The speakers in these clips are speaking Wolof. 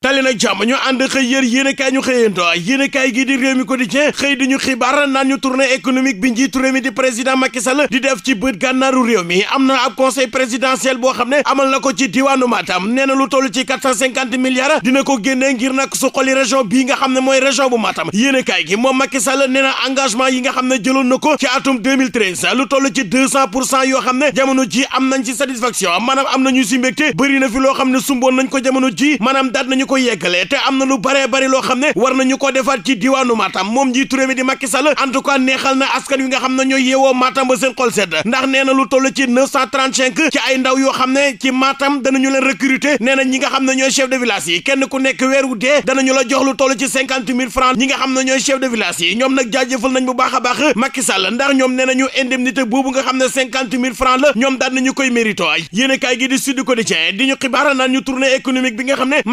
tali nag jàmm ñu ànd xëy yër yéen kaay ñu xëyanto yéen kaay gi di réew mi quotidien xëy di ñu xibaar naan ñu tournée économique bi njiitu réew mi di président Macky Sall di def ci bët gànnaaru réew mi am na ab conseil présidentiel boo xam ne amal na ko ci diwaanu Matam nee na lu toll ci quatre cent cinquante milliards dina ko génnee ngir nag su xoli région bii nga xam ne mooy région bu Matam yéen kaay gi moo Macky Sall nee na engagement yi nga xam ne jëloon na ko ci atum 2013 lu toll ci deux cent pour cent yoo ne jamono ji am nañ ci satisfaction maanaam am nañu si mbégte bëri na fi loo xam ne sumboon nañ ko jamono ji maanaam daat nañu ko yeggalee te am na lu baree bari loo xam ne war nañu ko defaat ci diwaanu Matam moom njiitu réew di Macky Sall neexal na askan wi nga xam ne ñooy yeewoo Matam ba seen xol sedd ndax nee lu toll ci ci ay ndaw yoo xam ne ci Matam danañu leen recruter nee ñi nga xam ne ñooy chef de village yi kenn ku nekk weer wu dee danañu la jox lu toll ci 50 000 francs ñi nga xam ne ñooy chef de village yi ñoom nag jaajëfal nañ bu baax a baax Macky Sall ndax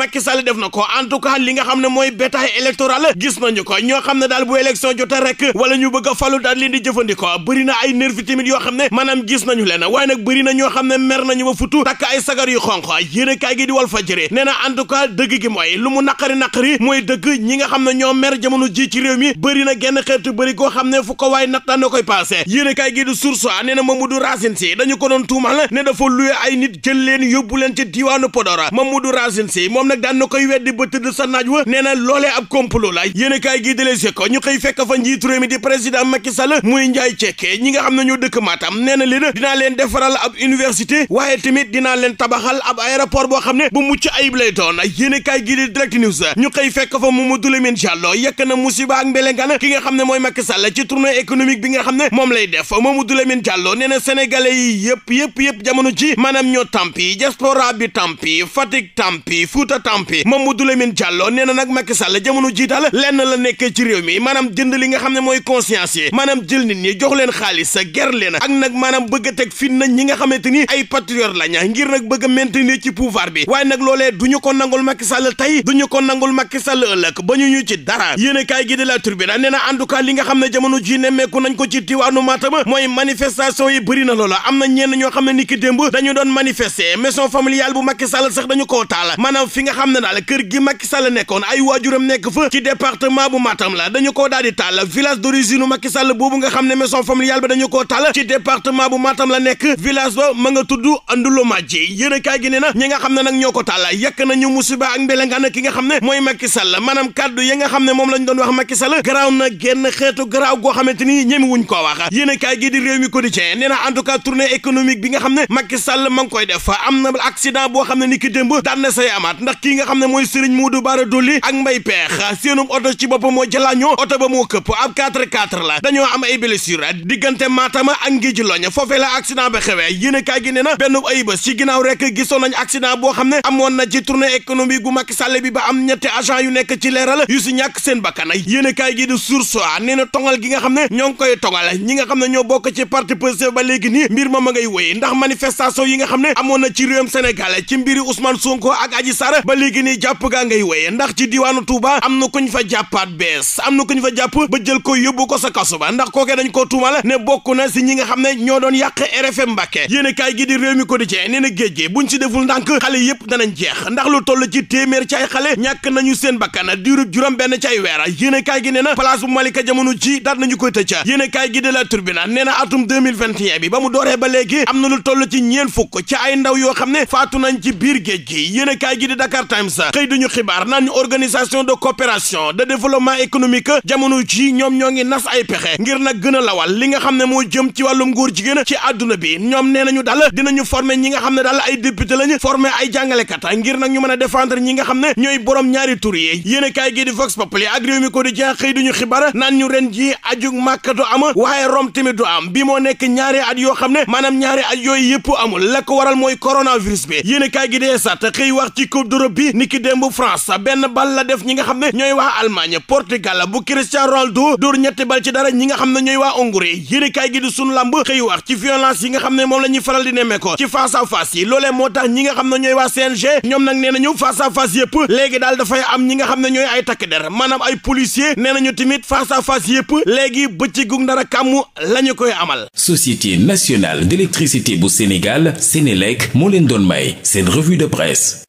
a kaay ne def na ko en tout cas li nga xam ne mooy bétail électoral gis nañu ko ñoo xam ne daal bu élection jotee rek wala ñu bëgg a falu daal leen di jëfandikoo bëri na ay nervi tamit yoo xam ne maanaam gis nañu leen waaye nag bëri na ñoo xam ne mer nañu ba futu takk ay sagar yu yéene kaay gi di wal fa jëre nee na en tout cas dëgg gi mooy lu mu naqari naqari mooy dëgg ñi nga xam ne ñoo mer jamono ji ci réew mi bëri na genn xeetu bëri koo xam ne fu ko waaye nat daan ko doon tuumal ne dafa luye nit leen yóbbu leen ci diwaanu Podor Mamadou moom nag daan na ko koy weddi ba tëdd sa naaj wa nee na loolee ab complot la yéen kaay gii dalee si ko ñu koy fekk fa njiitu réew di président Macky Sall muy njaay cekkee ñi nga xam ne ñoo dëkk Matam nee na leen dinaa leen defaral ab université waaye tamit dinaa leen tabaxal ab aéroport boo xam ne bu mucc ayib lay doon yéen kaay gii di direct news ñu koy fekk fa Mamadou Lamine Diallo yekk na musiba ak mbelengana ki nga xam ne mooy Macky Sall ci tournée économique bi nga xam ne lay def Mamadou Lamine Diallo nee na sénégalais yëpp yëpp yëpp jamono ci maanaam ñoo tampi diaspora bi tampi Fatick tampi Fouta tampi Mamadou Lamine Diallo nee na nag Macky Sall jamono jii daal lenn la nekkee ci réew mi maanaam jënd li nga xam ne mooy conscience yi maanaam jël nit ñi jox leen xaalis sa ger leen ak nag maanaam bëgg a teg fitna ñi nga xamante ni ay patriote lañu ngir nag bëgg a maintenir ci pouvoir bi waaye nag loolee du ñu ko nangul Macky Sall tey du ñu ko nangul Macky Sall ëllëg ba ñu ñu ci dara yéen a kaay gi de la Tribune li nga xam ne jamono ji nemmeeku nañ ko ci diwaanu Matam mooy manifestation yi bëri na loola am na ñenn ñoo xam ne ni ki démb dañu doon manifester maison familiale bu Macky Sall sax dañu koo taal maanaam fi xam ne daal taal kër gi Macky la nekkoon ay waajuram nekk fa ci département bu Matam la dañu koo daal di taal village d'origine Macky Sall boobu nga xam ne maison familiale ba dañu koo taal ci département bu Matam la nekk village ba ma nga tudd Andulo Madji yéen kaay gi ne na ñi nga xam ne nag ñoo ko taal yàq nañu musiba ak mbelengaan ki nga xam ne mooy Macky Sall maanaam kàddu yi nga xam ne moom lañ doon wax Macky Sall garaaw na genn xeetu garaaw goo ni ñemi wuñ koo wax yéen bi nga xam ne Macky Sall ma ngi koy def am na ne ni ki démb daan na say amaat ndax nga xam ne mooy Serigne Modou Bara Dolly ak Mbaye Peex seenum oto ci boppam moo jëlaañoo oto ba moo këpp ab 4-4 la dañoo am ay blessure diggante Matam ak Ngidji Logn foofee la accident ba xewee yéen a kaay gi nee na benn ay bés ci ginnaaw rek gisoon nañ accident boo xam ne amoon na ci tournée économique gu Macky Sall bi ba am ñetti agent yu nekk ci leeral yu si ñàkk seen bakkan yéen a kaay gi di source nee na tongal gi nga xam ne ñoo ngi koy tongal ñi nga xam ne ñoo bokk ci parti Pastef ba léegi nii mbir ma ma ngay wéy ndax manifestation yi nga xam ne amoon na ci réewum Sénégal ci mbiri Ousmane Sonko ak day jàpp gaa ngay weye ndax ci diwaanu Touba am na kuñ fa jàppaat bees am na kuñ fa jàpp ba jël ko yóbbu ko sa kaso ba ndax kookee dañ koo tuumal ne bokk na si ñi nga xam ne ñoo doon yàq RFM Mbàkke yéen kaay gi di réew mi quotidien nee na géej gi buñ si deful ndànk xale yépp danañ jeex ndax lu toll ci téeméer ca ay xale ñàkk nañu seen bakkan diirub juróom benn ca ay weer yéen kaay gi nee na place bu Malika jamono ci dar nañu koy tëcca yéen kaay gi la Tribune nee na atum 2021 bi ba mu dooree ba léegi am na lu toll ci ñeen fukk ci ay ndaw yoo xam ne faatu nañ ci biir géej gi yéen kaay gi di xëy duñu xibaar naan ñu organisation de coopération de développement économique jamono ji ñoom ñoo ngi nas ay pexe ngir nag gën lawal li nga xam ne moo jëm ci wàllum góor jigéen ci àdduna bi ñoom nee nañu daal dinañu former ñi nga xam ne daal ay député lañu former ay jàngalekat ngir nag ñu mën a ñi nga xam ne ñooy borom ñaari tur yi yéen kaay gi di Vox Populi ak réew mi quotidien xëy duñu xibaar naan ñu ren ji ajug màkk du am waaye rom tamit am bi moo nekk ñaari at yoo xam ne maanaam ñaari at yooyu yëpp amul la waral mooy coronavirus bi yéen kaay gi di esat xëy wax ci coupe d'Europe bi niki démb France benn bal la def ñi nga xam ne ñooy waa Allemagne Portugal bu Cristiano Ronaldo dóor ñetti bal ci dara ñi nga xam ne ñooy waa Hongrie yéenekaay gi di sunu làmb yi nga xam ne moom la ñuy faral di nemmee ko ci face à face yi loolee ñi nga xam ne ñooy waa CNG ñoom nag nee nañu face à face yëpp léegi daal dafay am ñi nga xam ne ñooy ay takk der maanaam ay policier nee nañu tamit face à face yëpp léegi bëccëgu ndara kàmm la ñu koy amal Société nationale d'électricité bu Sénégal Sénélec moo leen doon may seen revue de presse